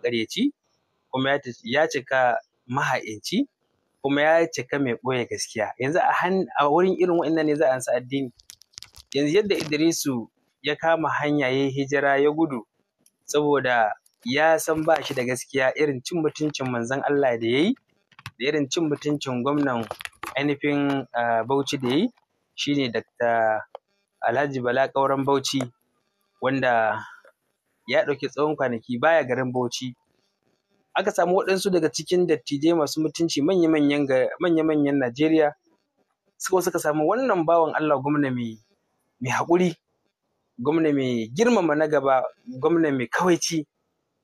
makaryaci kuma ya cika maha'inci kuma ya cika mai ɓoye gaskiya yanzu a wurin irin waɗannan ne za a ansa addini yanzu yadda Idrisu ya kama hanya ya hijira ya gudu saboda ya san ba shi da gaskiya irin cin mutuncin manzon Allah da ya yi, da irin cin mutuncin gwamnan ainihin Bauchi da ya yayi shine Dr. Alhaji Bala Kauran Bauchi wanda ya ɗauki tsawon kwanaki baya garin Bauchi. Aka samu waɗansu daga cikin dattijai masu mutunci manya-manyan Najeriya suka suka samu wannan bawan Allah gwamna mai haƙuri, gwamna mai girmama na gaba, gwamna mai kawaici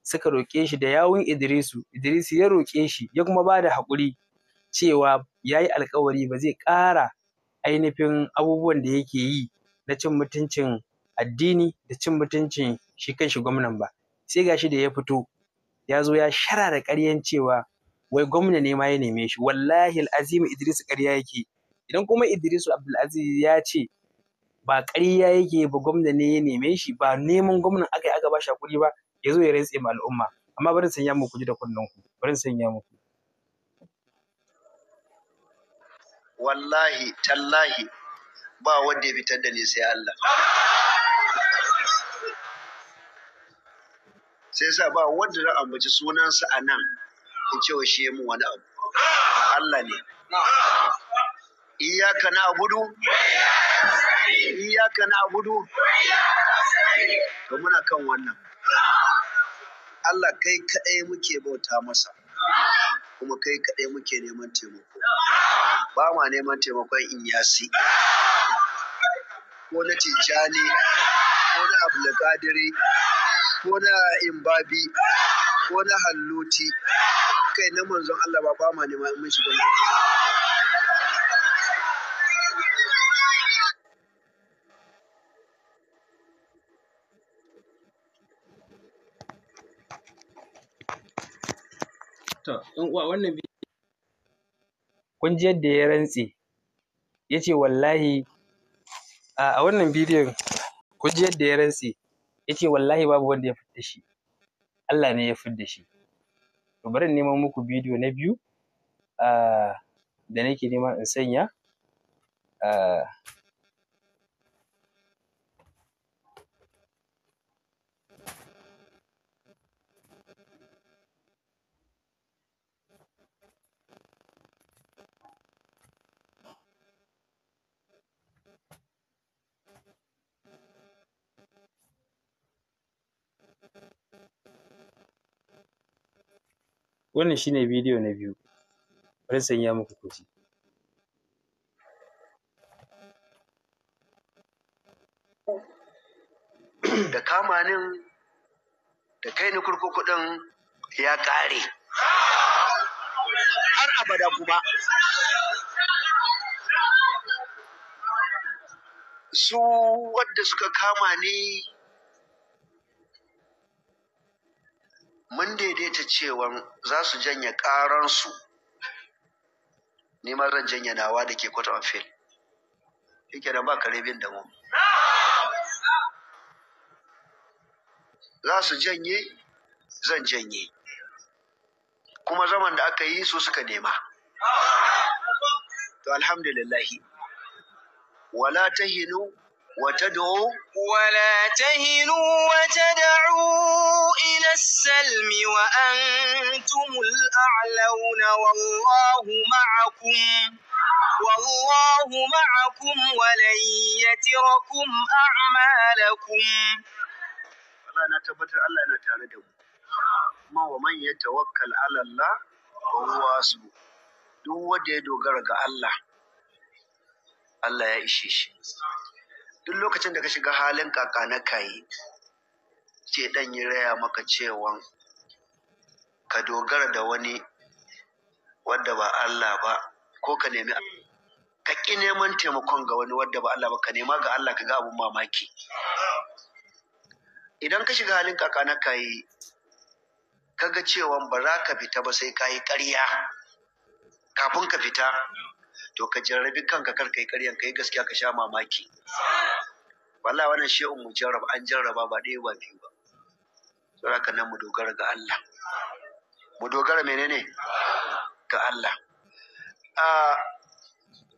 suka roƙe shi da yawun Idrisu, Idrisu ya roƙe shi ya kuma ba da haƙuri cewa ya yi alkawari ba zai ƙara ainihin abubuwan da yake yi na cin mutuncin addini da cin mutuncin shi kanshi gwamnan ba sai gashi da ya fito ya zo ya shara da ƙaryan cewa wai gwamna ne ma ya neme shi wallahi al'azim idris ƙarya yake idan kuma idris abdulaziz ya ce ba ƙarya yake ba gwamna ne ya neme shi ba neman gwamnan aka yi aka ba shi hakuri ba ya zo ya rantse ma al'umma amma barin sanya muku ji da kunnen ku barin sanya muku wallahi tallahi ba wanda ya fitar da ni sai Allah sai sa ba wanda na ambaci sunansa a nan in cewa shi ya mun wani abu Allah ne iyaka na gudu iyaka na abudu to muna kan wannan Allah kai kaɗai muke bauta masa kuma kai kaɗai muke neman taimako ba ma neman taimakon inyasi ko na tijjani ko na abdulkadiri ko na imbabi ko na halloti kai na manzon Allah ba ba ma neman mun shiga kun ji yadda ya rantse ya ce wallahi a wannan bidiyon kun ji yadda ya rantse yace wallahi babu wanda ya fidda shi Allah ne ya fidda shi to bari in nemo muku bidiyo na biyu ah, da nake nema in sanya ah, wannan shine bidiyo na biyu bari in sanya muku kuji da kama nin da kai ni kurkuku din ya ƙare har abada kuma su wadda suka kama ni mun daidaita cewan za su janye ƙaransu neman zan janye nawa da ke kwata amfil shi kenan ba karibin da mu za su janye zan janye kuma zaman da aka yi su suka nema to alhamdulillahi wala hinu. وتدعوا ولا تهنوا وتدعوا إلى السلم وأنتم الأعلون والله معكم والله معكم ولن يتركم أعمالكم الله نتبتر الله نتعلم ما ومن يتوكل على الله وهو حسبه duk wanda ya dogara ga Allah Allah ya ishe shi duk lokacin da ka shiga halin kaka na kayi ce dan yi raya maka cewa ka dogara da wani wadda ba Allah ba ko ka nemi ka ƙi neman taimakon ga wani wadda ba Allah ba ka nema ga Allah ka ga abun mamaki idan ka shiga halin kaka na kayi ka ga cewa ba za ka fita ba sai ka yi ƙarya kafin ka fita to ka jarrabi kanka kar ka yi ƙaryan ka yi gaskiya ka sha mamaki wallahi wannan shi mu jarraba an jarraba ba ɗaya ba biyu ba haka nan mu dogara ga Allah mu dogara menene ga Allah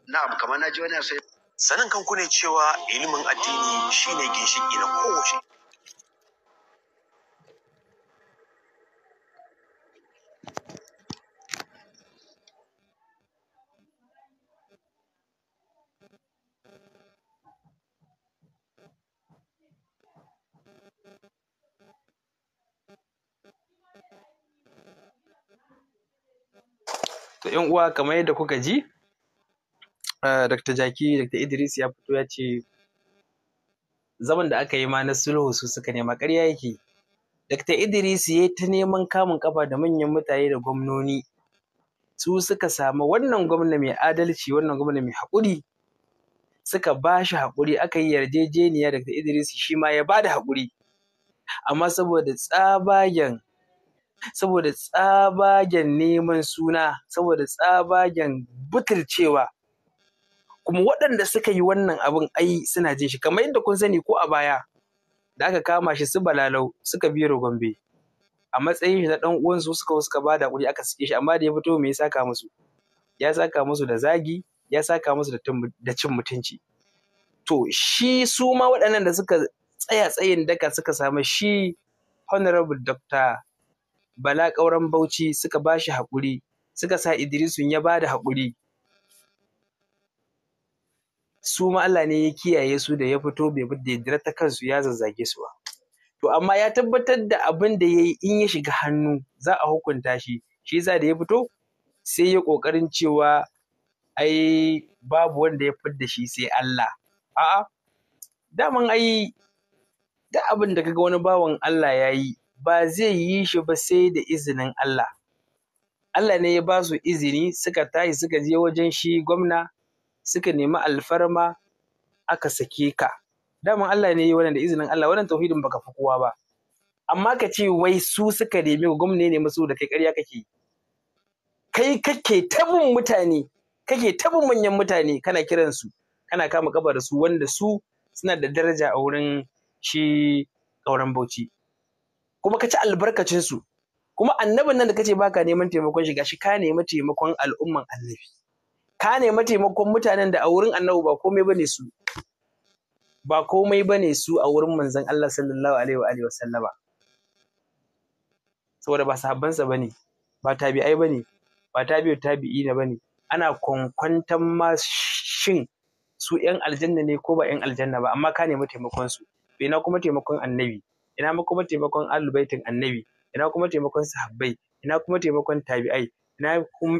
na'am kamar na ji wani sai sanin kanku ne cewa ilimin addini shine ginshiki na kowace to yan uwa kamar yadda kuka ji eh, Dr. Jaki Dr. Idris ya fito ya ce zaman da aka yi ma na sulhu su suka nema ƙarya yake Dr. Idris ya ta neman kamun kafa da manyan mutane da gwamnoni su suka samu wannan gwamna mai adalci wannan gwamna mai haƙuri suka ba shi haƙuri aka yi yarjejeniya Dr. Idris shi ma ya ba da haƙuri amma saboda tsabagen saboda tsabagen neman suna saboda tsabagen butulcewa kuma waɗanda suka yi wannan abin ai suna jin shi kamar yadda kun sani ko a baya da aka kama shi su balalau suka biro gombe a matsayin shi na ɗan uwansu suka suka ba da kuɗi aka sike shi amma da ya fito me ya saka musu ya saka musu da zagi ya saka musu da cin mutunci to shi su ma waɗannan da suka tsaya tsayin daka suka samu shi honorable dr Bala ƙauren Bauchi suka ba shi haƙuri suka sa Idrisun ya ba da haƙuri. Su ma Allah ne ya kiyaye su da ya fito bai daidira ta kansu ya zazzage su ba. To amma ya tabbatar da abin da ya yi in ya shiga hannu za a hukunta shi, shi yasa da ya fito sai ya ƙoƙarin cewa ai babu wanda ya fidda shi sai Allah. A'a, daman ai da abin da kaga wani bawan Allah ya yi ba zai yi shi ba sai da izinin Allah. Allah ne ya ba su izini suka tashi suka je wajen shi gwamna suka nemi alfarma aka sake ka. Daman Allah ne ya yi da izinin Allah wannan tauhidin baka fi kowa ba. Amma ka ce wai su suka nemi gwamna ne masu da kai ƙarya kake. Kai kake tabin mutane kake tabin manyan mutane kana kiransu kana kama kaba su wanda su suna da daraja a wurin shi ƙauren bauchi. kuma ka ci albarkacin su kuma annabin nan da kace baka neman taimakon shi gashi ka nemi taimakon al'umman annabi ka nemi taimakon mutanen da a wurin annabi ba komai bane su ba komai bane su a wurin manzon Allah sallallahu alaihi wa alihi wa sallama saboda ba sa bane ba tabi'ai bane ba tabi'u tabi'ina bane ana kwankwantan ma shin su 'yan aljanna ne ko ba 'yan aljanna ba amma ka nemi taimakon su bai na kuma taimakon annabi ina ma kuma taimakon ahlul annabi ina kuma taimakon sahabbai ina kuma taimakon tabi'ai ina kuma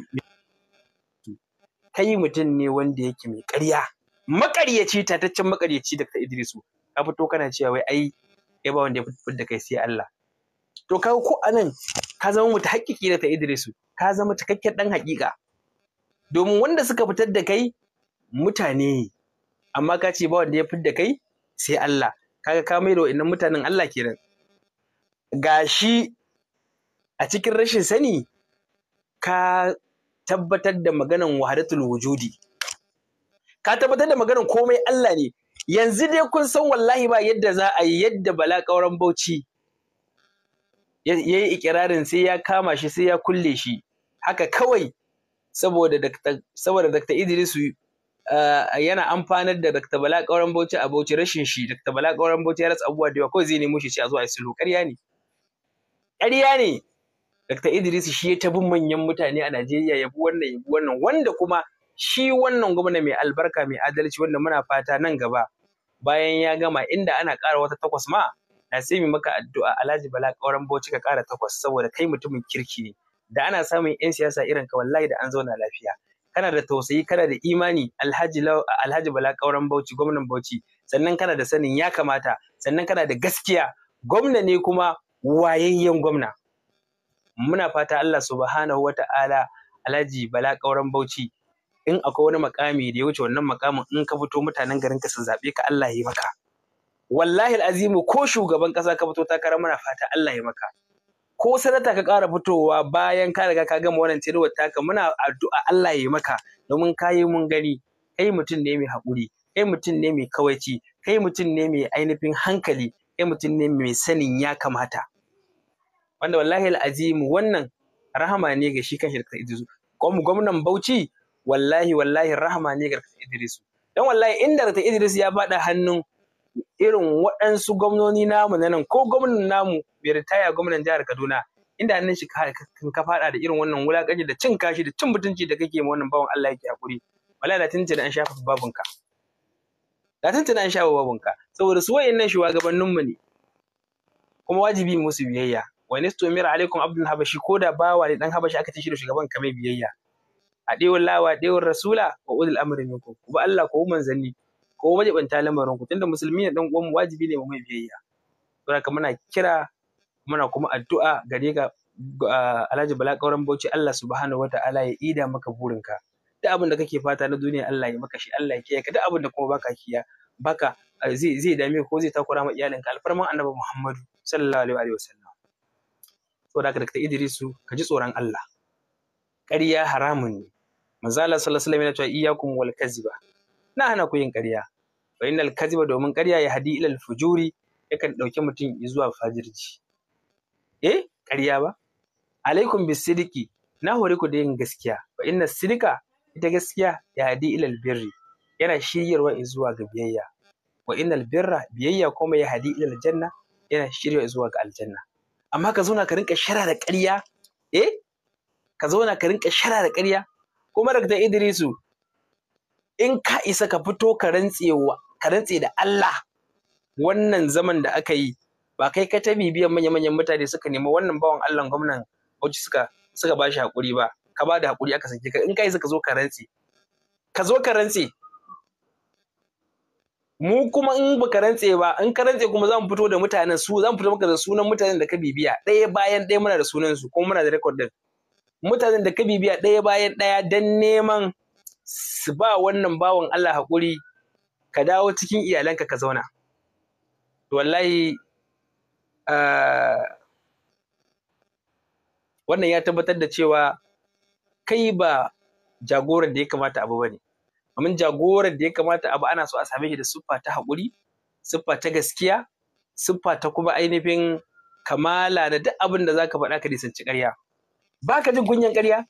kai mutum ne wanda yake mai ƙarya maƙaryaci tataccen maƙaryaci da ka Idrisu ka fito kana cewa wai ai kai ba wanda ya fito da kai sai Allah to ka ko anan ka zama mutu hakiki da ta Idrisu ka zama cikakken ɗan haƙiƙa domin wanda suka fitar da kai mutane amma ka ce ba wanda ya fitar da kai sai Allah kaga ka mai da wa'annan mutanen Allah Ga shi a cikin rashin sani ka tabbatar da maganan wahadatul wujudi ka tabbatar da maganan komai Allah ne yanzu dai kun san wallahi ba yadda za a yi yadda bala kauran bauchi yayi ikirarin sai ya kama shi sai ya kulle shi haka kawai saboda Dr. Idrisu Eh, yana amfanar da Dr. Bala Kauran Bauchi a Bauchi rashin shi Dr. Bala Kauran Bauchi ya rasa abubuwa da yawa kawai zai nemo shi ce a zuwa a sulhu ƙarya ne ƙarya ne Dr. Idris shi ya tabi manyan mutane a Najeriya ya bi wannan ya bi wannan wanda kuma shi wannan gwamna mai albarka mai adalci wanda muna fata nan gaba bayan ya gama inda ana ƙara wata takwas ma na sai maka addu'a Alhaji Bala Kauran Bauchi ka ƙara takwas saboda kai mutumin kirki ne da ana samun 'yan siyasa irin ka wallahi da an zauna lafiya kana da tausayi kana da imani alhaji alhaji bala kauran bauchi gwamnan bauchi sannan kana da sanin ya kamata sannan kana da gaskiya gwamna ne kuma wayayyen gwamna muna fata Allah subhanahu wata'ala alhaji bala kauran bauchi in akwai wani makami da ya wuce wannan makamin in ka fito mutanen garin ka su zaɓe ka Allah ya yi maka wallahi al'azimu ko shugaban ƙasa ka fito takara muna fata Allah ya yi maka ko sanata ka ƙara fitowa bayan ka riga ka gama wannan tirwar taka muna addu'a Allah ya yi maka domin ka yi mun gani kai mutum ne mai haƙuri kai mutum ne mai kawaici kai mutum ne mai ainihin hankali kai mutum ne mai sanin ya kamata wanda wallahi al'azimu wannan rahama ne ga shi kan shirka Idrisu gwamnan Bauchi wallahi wallahi rahama ne ga Idrisu dan wallahi inda Idris ya bada hannun irin waɗansu gwamnoni namu na nan ko gwamnan namu mai ritaya gwamnan jihar Kaduna inda hannun shi kan ka faɗa da irin wannan wulakanci da cin kashi da cin mutunci da kake ma wannan bawan Allah yake hakuri wala da tunce da an shafa babunka da tunce da an shafa babunka saboda su wayannan shugabannin mu ne kuma wajibi musu biyayya wa nistu mir alaikum abdul habashi ko da bawa ne dan habashi aka ce shi da shugaban ka mai biyayya a dewar lawa dewar rasula wa ulul amri minkum ku ba Allah ko manzanni ko majibanta lamarin ku tunda musulmi ne dan uwan mu wajibi ne mu mai biyayya haka muna kira muna kuma addu'a gare ga ah, Alhaji Bala Kauran Bauchi Allah subhanahu wata'ala ya ida maka burinka duk abin da kake fata na duniya Allah ya maka shi Allah ya kiyaye ka duk abin da kuma baka kiya baka eh, zai zai dame ko zai takura ma iyalinka alfarman Annabi Muhammadu sallallahu alaihi wa sallam da ka Idrisu ka ji tsoron Allah ƙarya haramun ne manzo Allah sallallahu alaihi wa sallam yana iyyakum wal kaziba na hana ku yin ƙarya wa innal kadhiba domin ƙarya ya hadi ilal fujuri yakan ɗauki mutum zuwa fajirci eh ƙarya ba alaikum bisidiki na hori ku da yin gaskiya wa inna sidika ita gaskiya ya hadi ilal birri yana shiryarwa zuwa ga biyayya wa innal birra biyayya kuma ya hadi ilal janna yana shirya zuwa ga aljanna amma ka zauna ka rinka shara da ƙarya eh ka zauna ka rinka shara da ƙarya kuma daga Idrisu in ka isa ka fito ka rantse da Allah wannan zaman da aka yi ba kai ka ta bibiyan manya-manyan mutane suka nemi wannan bawan Allah gwamnan Bauchi suka suka ba shi hakuri ba ka ba da hakuri aka sake ka in ka isa ka zo ka rantse ka zo ka rantse mu kuma in ka rantse ba in ka rantse kuma zan fito da mutanen su zan fito maka da sunan mutanen da ka bibiya ɗaya bayan ɗaya muna da sunan su kuma muna da record din mutanen da ka bibiya ɗaya bayan ɗaya dan neman su ba wannan bawan Allah haƙuri ka dawo cikin iyalanka ka zauna wallahi wannan ya tabbatar da cewa kai ba jagoran da ya kamata abu ba ne. Amin jagoran da ya kamata abu ana so a same shi da siffa ta haƙuri siffa ta gaskiya siffa ta kuma ainihin kamala da duk abin da ka faɗa ka nisanci ƙarya ka jin kunyan ƙarya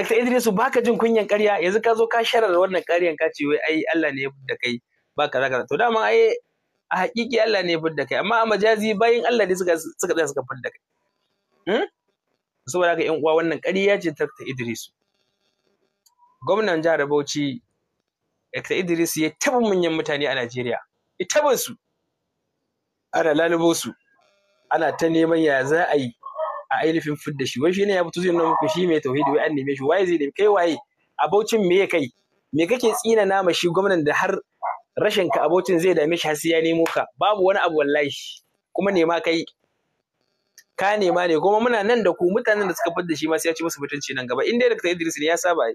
Dr. Idrisu ka jin kunyan ƙarya yanzu ka zo ka sharar wannan ƙaryan ka ce wai ai Allah ne ya fidda kai ba ka kaza to dama ai a haƙiƙi Allah ne ya fidda kai amma a majazi bayin Allah ne suka suka tsaya suka fidda kai. Hmm? Saboda haka ƴan uwa wannan ƙarya ce Dr. Idrisu. Gwamnan jihar Bauchi Dr. Idris ya taɓa manyan mutane a Najeriya. Ya taɓa su. Ana lalubo su. Ana ta neman ya za a yi a ainihin da shi wai shi ne ya fito zai nama muku shi mai tauhidi wai an neme shi wai zai kai waye abocin me kai me kake tsina nama shi gwamnan da har rashin ka abocin zai dame shi har sai ya nemo ka babu wani abu wallahi kuma nema kai ka nema ne kuma muna nan da ku mutanen da suka fidda shi ma sai ya ci musu mutunci nan gaba in dai Dr. Idris ne ya saba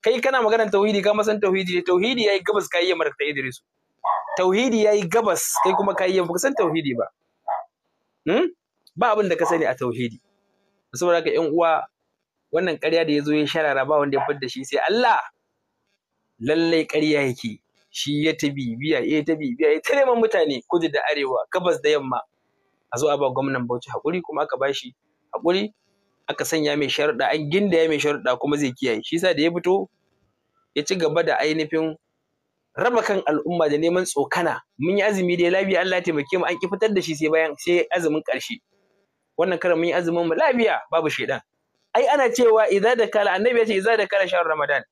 kai kana maganar tauhidi ka masan tauhidi ne tauhidi yayi gabas kai yamma Dr. Idris tauhidi yayi gabas kai kuma kai ba ka san tauhidi ba hmm? ba abin da ka sani a tauhidi saboda haka 'yan uwa wannan ƙarya da ya zo ya sharara ba wanda ya fadda shi sai Allah lallai ƙarya yake shi ya ta bibiya ya ta bibiya ya ta neman mutane kudu da arewa gabas da yamma a zo a ba gwamnan Bauchi hakuri kuma aka bashi hakuri aka sanya mai sharuɗa an ginda ya mai sharuɗa kuma zai kiyaye shi yasa da ya fito ya ci gaba da ainihin raba kan al'umma da neman tsokana mun yi azumi da ya labi Allah ya taimake mu an ki fitar da shi sai bayan sai azumin ƙarshe wannan karan mun yi azumin mu lafiya babu shedan ai ana cewa idza da kala annabi ya ce idza da kala shahr ramadan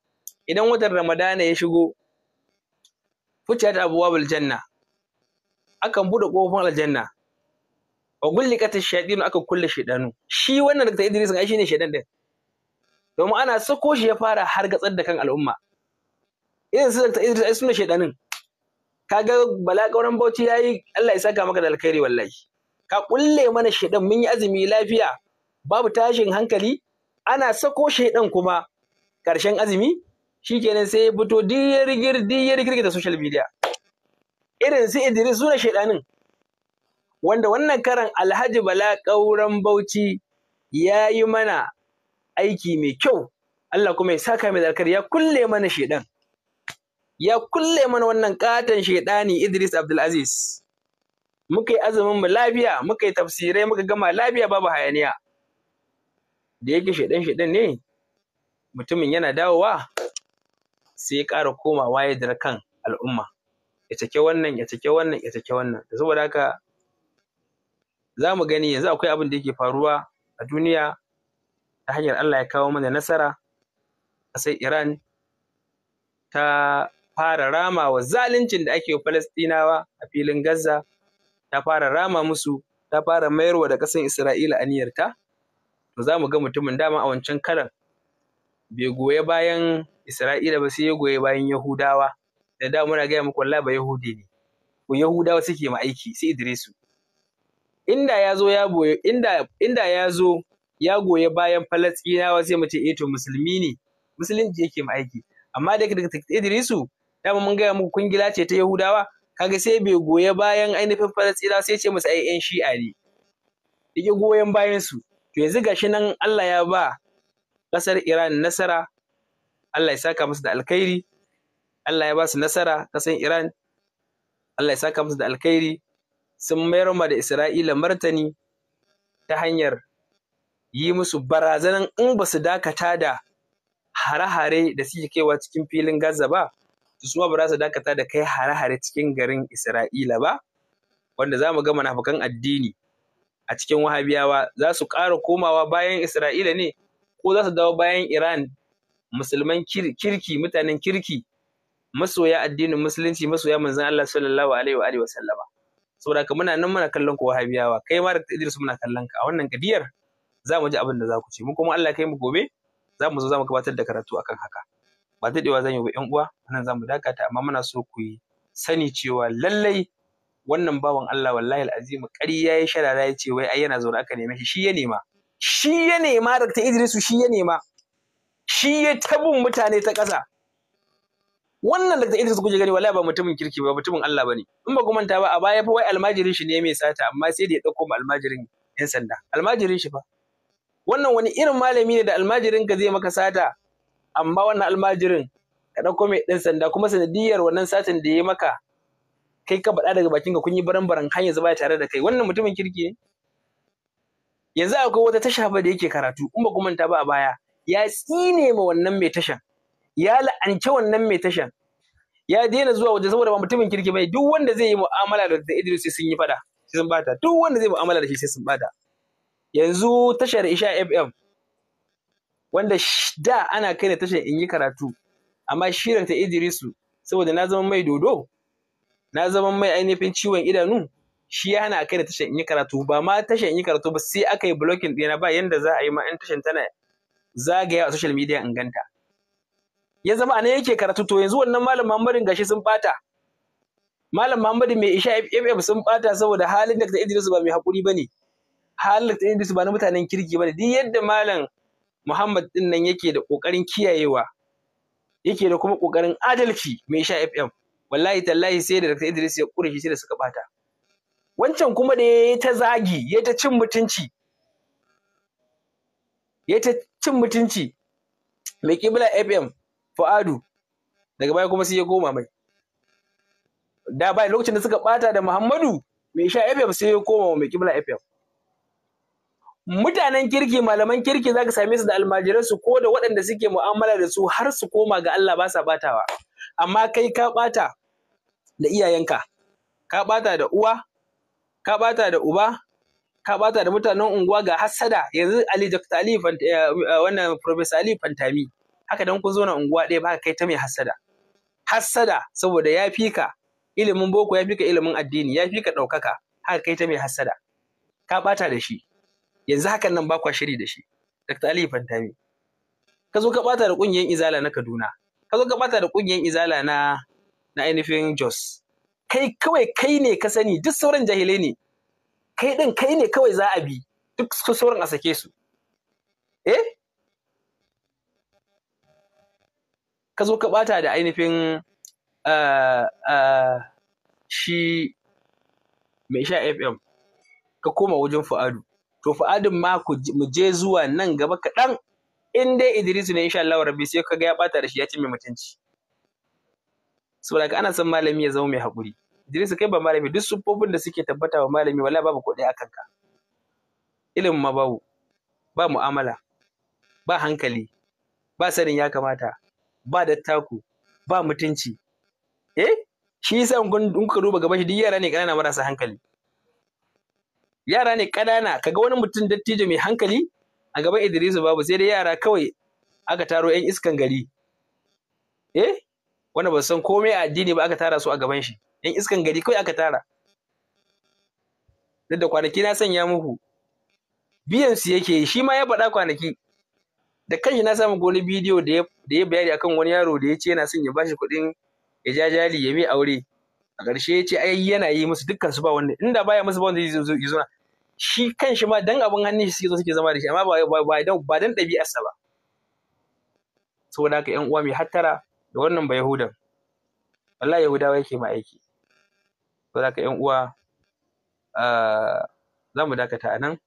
idan watan ramadana ya shigo fuciyat abwabul janna akan bude kofofin aljanna wa gullikat ash-shayatin aka kulle shedanu shi wannan Dr. Idris ai shine shedan din domin ana sako shi ya fara har gatsar da kan al'umma irin su Dr. Idris ai sunan shedanin kaga bala kauran bauchi yayi Allah ya saka maka da alkhairi wallahi ka kulle mana shaidan mun yi azumi lafiya babu tashin hankali ana sako shaidan kuma ƙarshen azumi shi shikenan sai ya fito diyar rigir diyar da social media irin su Idris suna shaidanin wanda wannan karan Alhaji Bala ƙauren Bauchi ya yi mana aiki mai kyau Allah kuma ya saka mai zarkar ya kulle mana shaidan ya kulle mana wannan katon shaidani Idris Abdulaziz muka yi azumin mu lafiya muka yi tafsirai muka gama lafiya babu hayaniya da yake shaidan shaidan ne mutumin yana dawowa sai ya ƙara komawa ya dira kan al'umma ya take wannan ya take wannan ya take wannan da saboda haka za mu gani yanzu akwai abin da yake faruwa a duniya ta hanyar Allah ya kawo mana nasara sai Iran ta fara rama wa zaluncin da ake wa Falastinawa a filin Gaza ta fara rama musu ta fara mayarwa da ƙasar isra'ila aniyarta to za mu ga mutumin dama a wancan karan bai goye bayan isra'ila ba sai ya goye bayan yahudawa da da muna gaya muku wallahi ba yahudi ne ko yahudawa suke ma aiki sai idrisu inda ya zo ya boye inda inda ya zo ya goye bayan falastinawa sai mu ce eh to musulmi ne musulunci yake ma aiki amma da daga idrisu dama mun gaya muku kungila ce ta yahudawa kaga sai bai goya bayan ainihin falastina sai ce masa ai yan shi'a ne yake goyon bayan su to yanzu gashi nan Allah ya ba kasar Iran nasara Allah ya saka musu da alkhairi Allah ya ba su nasara kasar Iran Allah ya saka musu da alkhairi sun mayar ma da Isra'ila martani ta hanyar yi musu barazanan in ba su dakata da hare-hare da suke kaiwa cikin filin Gaza ba su ma ba za su dakata da kai hare-hare cikin garin Isra'ila ba wanda za mu ga munafukan addini a cikin wahabiyawa za su ƙara komawa bayan Isra'ila ne ko za su dawo bayan Iran musulman kirki mutanen kirki masoya addinin musulunci masoya manzon Allah sallallahu alaihi wa alihi wa saboda ka muna nan muna kallon ku wahabiyawa kai ma da Idris muna kallon ka a wannan gadiyar za mu ji abin da za ku ce mu kuma Allah kai mu gobe za mu zo za mu gabatar da karatu akan haka ba daɗewa zan yi wa ƴan uwa nan za mu dakata amma muna so ku yi sani cewa lallai wannan bawan Allah wallahi Azimu. Ƙari ya yi sharara ya ce wai ai yana zaune aka neme shi shi ya nema shi ya nema Dr. Idrisu shi ya nema shi ya tabun mutane ta ƙasa wannan Dr. Idris kuje gani wallahi ba mutumin kirki ba mutumin Allah bane in ba ku manta ba a baya fa wai almajirin shi ne mai sata amma sai da ya dauko ma almajirin yan sanda almajirin shi fa wannan wani irin malami ne da almajirin ka zai maka sata amma wannan almajirin ka ɗauko mai ɗan sanda kuma sanadiyar wannan satin da ya yi maka kai ka faɗa daga bakinka kun yi baran-baran kan yanzu baya tare da kai wannan mutumin kirki ne yanzu akwai wata tasha ba da yake karatu in ba ku manta ba a baya ya tsine ma wannan mai tashan ya la'ance wannan mai tashan ya daina zuwa waje saboda ba mutumin kirki bane duk wanda zai yi mu'amala da da Idris sun yi fada sai sun bata duk wanda zai mu'amala da shi sai sun bata yanzu tashar Isha FM wanda da ana kai da tashar in yi karatu amma ta idrisu saboda na zama mai dodo na zama mai ainihin ciwon idanu shi ya hana kai da tashar in yi karatu ba ma tashar in yi karatu ba sai aka yi blocking ɗina ba yanda za a yi ma in tashar tana zagaya a social media in ganta ya zama anan yake karatu to yanzu wannan malam Muhammadin gashi sun bata malam Muhammadin mai Isha FFM sun bata saboda halin da idrisu ba mai hakuri bane halin da idrisu ba na mutanen kirki bane duk yadda malam Muhammad din nan yake da ƙoƙarin kiyayewa yake da kuma ƙoƙarin adalci mai sha FM wallahi tallahi sai da Dr. Idris ya ƙure shi sai da suka bata wancan kuma da yayi ta zagi ya ta cin mutunci ya ta cin mutunci mai kibla FM Fuadu daga baya kuma sai ya koma mai da bai lokacin da suka bata da Muhammadu mai sha FM sai ya koma mai kibla FM mutanen kirki malaman kirki zaka same su da almajiran ko da waɗanda suke mu'amala da su har su koma ga Allah ba sa batawa amma kai ka bata da iyayenka ka bata da uwa ka bata da uba ka bata da mutanen unguwa ga hasada yanzu Ali Dr. Ali eh, eh, wannan Professor Ali Fantami haka dan kun zo na unguwa ɗaya ba ka kai ta mai hasada hassada saboda ya fi ka ilimin boko ya fi ka ilimin addini ya fi ka ɗaukaka haka kai ta mai hassada ka ɓata da shi yanzu hakan nan ba kwa shiri da shi Dr. Ali Fantami ka zo ka bata da ƙungiyar izala na Kaduna ka zo ka bata da ƙungiyar izala na na ainihin Jos kai kawai kai ne ka sani duk sauran jahilai ne kai din kai ne kawai za a bi duk su sauran a sake su eh ka zo ka bata da ainihin ah, ah, shi mai sha FM ka koma wajen Fu'adu to adin ma mu je zuwa nan gaba kaɗan in dai Idris ne insha Allah rabbi sai kaga ya bata da shi ya ce mai mutunci saboda ana son malami ya zama mai hakuri Idris kai ba malami duk siffofin da suke tabbata wa malami wala babu kuɗi a kanka ilimin ma babu ba mu'amala ba hankali ba sanin ya kamata ba dattaku ba mutunci eh shi yasa in kuka duba gaba shi duk yara ne ƙanana marasa hankali yara ne ƙanana kaga wani mutum dattijo mai hankali a gaban Idrisu babu sai dai yara kawai aka taro yan iskan gari eh wanda ba san komai a addini ba aka tara su a gaban shi yan iskan gari kawai aka tara duk da kwanaki na sanya muku biyan su yake shi ma ya faɗa kwanaki da kanshi na samu wani bidiyo da ya bayani akan wani yaro da ya ce yana son ya bashi kuɗin ya ja ya mai aure a ƙarshe ya ce ai yana yi musu dukkan su ba wanda inda baya musu ba wanda zai zo zo shi kan shi ma dan abin hannun shi suke zo suke zama da shi amma ba ba dan ba dan ɗabi'arsa ba saboda haka ƴan uwa mai hattara da wannan ba yahudan wallahi yahudawa yake ma aiki saboda haka ƴan uwa za mu dakata a nan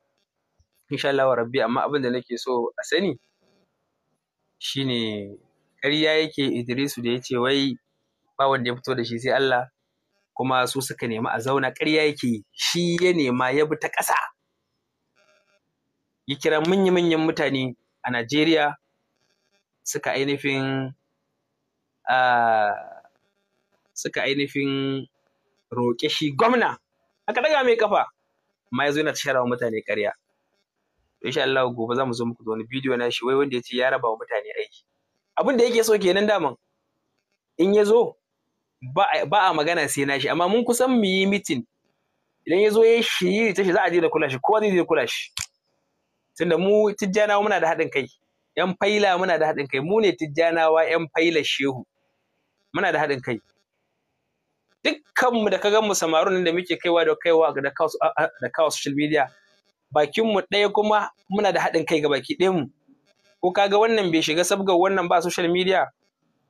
insha Allah rabbi amma abin da nake so a sani shine ƙarya yake Idrisu da ya ce wai ba wanda ya fito da shi sai Allah kuma su suka nemi a zauna ƙarya yake shi ya nema ya bi ta ƙasa ya kira manya-manyan mutane a Najeriya suka ainihin ah, suka ainihin roƙe shi gwamna aka ɗaga mai kafa amma ya zo yana shara wa mutane ƙarya to insha Allah gobe za mu zo muku da wani bidiyo na shi wai wanda ya ce ya raba wa mutane aiki abin da yake so kenan daman in ya zo ba a magana sai na shi amma mun kusan mu yi mitin idan ya zo ya shi ta shi za a je da kula shi kowa zai je kula shi tunda mu tijjanawa muna da haɗin kai yan faila muna da haɗin kai mu ne tijjanawa yan faila shehu muna da haɗin kai dukkanmu da ka gan mu samarun da muke kaiwa da kaiwa da kawo social media bakin mu ɗaya kuma muna da haɗin kai ga baki ɗayan mu ko kaga wannan bai shiga sabgar wannan ba social media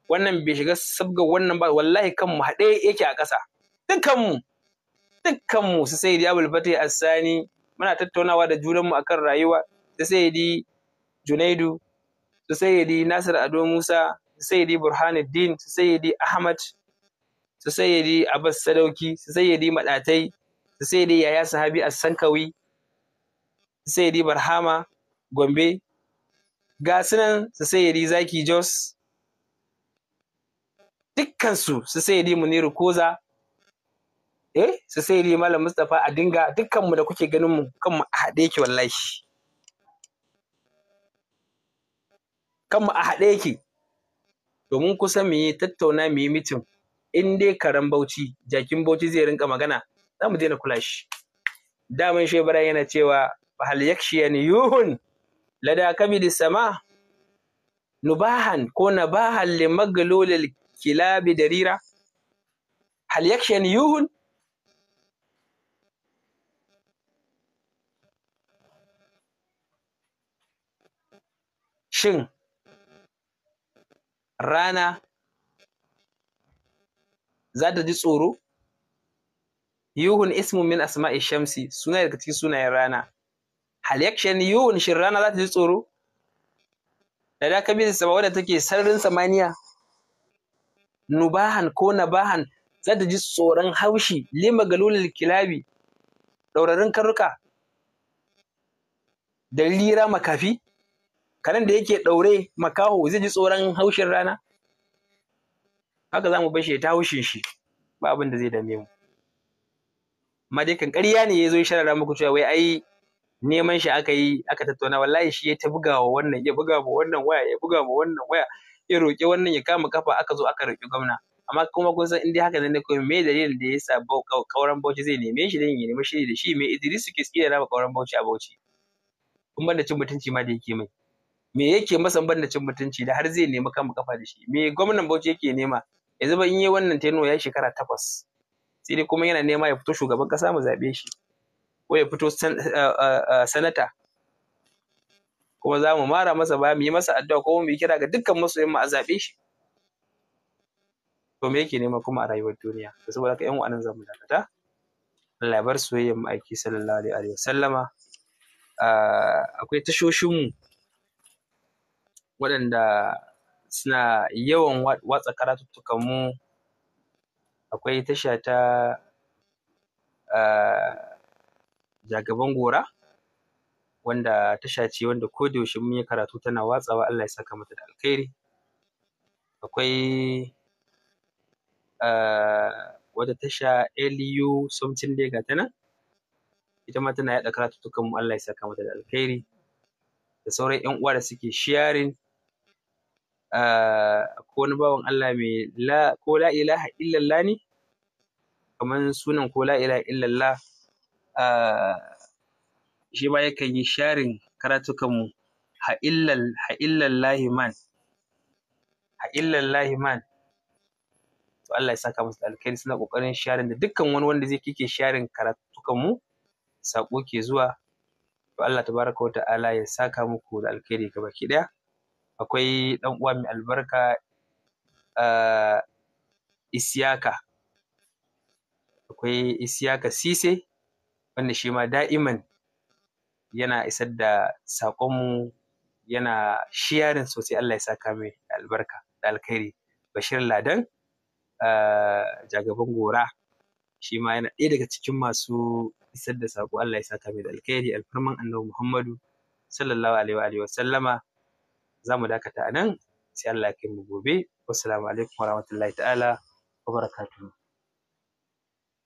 wannan bai shiga sabga wannan ba wallahi kanmu haɗe yake a ƙasa dukkanmu dukkanmu su sai di abul fatih assani muna tattaunawa da junanmu kan rayuwa su sai di junaidu su sai di nasir ado musa su sai di burhanuddin su sai di ahmad su sai di abbas sadauki su sai di madatai su sai di yaya sahabi assankawi su sai di barhama gombe ga sunan su sai di zaki jos dukkansu su sai di muniru koza eh su sai yi malam mustapha a dinga dukkanmu da kuke ganin mu kanmu a haɗe yake wallahi kanmu a haɗe yake domin kusa mu yi tattauna mu yi mitin in dai karen bauchi jakin bauchi zai rinka magana za mu daina kula shi daman shi yana cewa hal yakshiyani yuhun lada di sama nubahan ko nabahan li maglulil كلاب دريرة هل يكشي نيوهن shin rana za ta ji tsoro yuhun ismun min asma'i shamsi suna daga cikin sunayen rana hal yakshan yuhun shin rana za ta ji tsoro da da kabir sama wadda take sararin samaniya nubahan ko nabahan za ta ji tsoron haushi lima galolin kilabi ɗaurarin karuka da lira makafi kanan da yake ɗaure makaho zai ji tsoron haushin rana haka za mu bashe ta haushin shi ba abin da zai dame mu amma dai kan ƙarya ne ya zo ya sharara muku cewa wai ai neman shi aka yi aka tattauna wallahi shi ya ta bugawa wannan ya buga wannan waya ya buga wa wannan waya ya roƙi wannan ya kama kafa aka zo aka roƙi gwamna amma kuma kun san in dai haka ne kuma me dalilin da ya sa kauran Bauchi zai neme shi din ya nemi shi da shi me Idris suke tsira raba kauran Bauchi a Bauchi kun banda cin mutunci ma da yake mai me yake masa banda cin mutunci da har zai nemi kama kafa da shi me gwamnan Bauchi yake nema yanzu ba in yi wannan teno ya shekara takwas sai dai kuma yana nema ya fito shugaban kasa mu zaɓe shi ko ya fito eh, eh, eh, sanata kuma za mu mara masa ba mu yi masa addu'a ko mu yi kira ga dukkan masoyan mu a zaɓe shi to me yake nema kuma a rayuwar duniya to saboda ka yan uwan zamu dakata Allah ya bar soyayyar mu aiki sallallahu alaihi wa sallama akwai tashoshin mu waɗanda suna yawan watsa karatuttukan mu akwai tasha ta jagaban gora wanda tasha ce wanda ko da yaushe mun yi karatu tana watsawa Allah ya saka mata da alkhairi akwai ah, wata tasha LU something dai ga tana ita ma tana yaɗa karatuttukan mu Allah ya saka mata da alkhairi da sauran ƴan uwa da suke sharing ah, ko wani bawan Allah mai la ko la ilaha illallah ne kamar sunan ko la ilaha illallah ah, shi ma yakan yi sharin karatukanmu ha'illallahi man ha'illallahi man to Allah ya saka musu da alkhairi suna kokarin sharin da dukkan wani wanda zai kike sharin karatukanmu sako ke zuwa to Allah tabaraka wa ta'ala ya saka muku da alkhairi baki daya akwai dan uwa mai albarka uh, Isiyaka akwai Isiyaka Sise wanda shi ma da'iman yana isar da saƙonmu yana shiyarin sosai Allah ya saka mai albarka da alkhairi Bashir Ladan eh, jagaban gora shi ma yana ɗaya daga cikin masu isar da saƙo Allah ya saka mai da alkhairi alfarman annabi Muhammadu sallallahu alaihi wa sallama za mu dakata a nan sai Allah ya kai mu gobe wassalamu alaikum warahmatullahi ta'ala wa barakatuhu